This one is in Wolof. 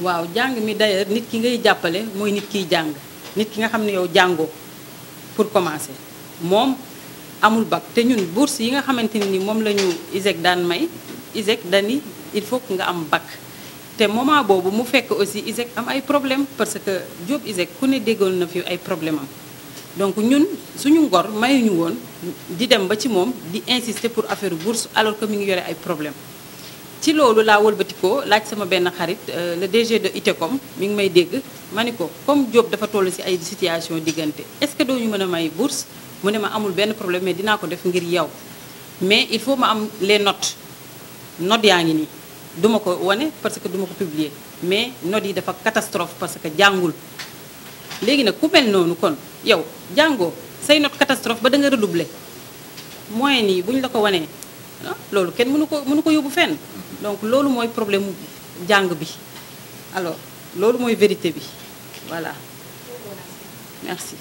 waaw jàng mi d'ailleurs nit ki ngay jàppale mooy nit kiy jàng nit ki nga xam ne yow jàngoo pour commencer moom amul bac te ñun bourse yi nga xamante ne ni moom la ñu ISEC daan may ISEC dani il faut que nga am bac te moment boobu mu fekk aussi ISEC am ay problème parce que Job ISEC ku ne déggoon na fi ay problème am donc ñun suñu ngor mayuñu woon di dem ba ci moom di insister pour affaire bourse alors que mi ngi yore ay problème ci loolu laa walbatikoo laaj sama benn xarit euh, le DG de comme mi ngi may dégg ma ni ko comme Diop dafa toll si ay situation diggante est-ce que doo ñu mën a may bourse mu ne ma amul benn problème mais dinaa ko def ngir yow mais il faut ma am les not notes yaa ngi nii duma ko wane parce que duma ko publier mais notes yi dafa catastrophe parce que jàngul léegi nag ku mel noonu kon yow jàngoo say notes catastrophe ba da nga redoubler moyen yi bu ñu la ko wanee ah, loolu kenn mënu ko mënu ko yóbbu fenn donc est le problème de bi alors c'est la vérité voilà merci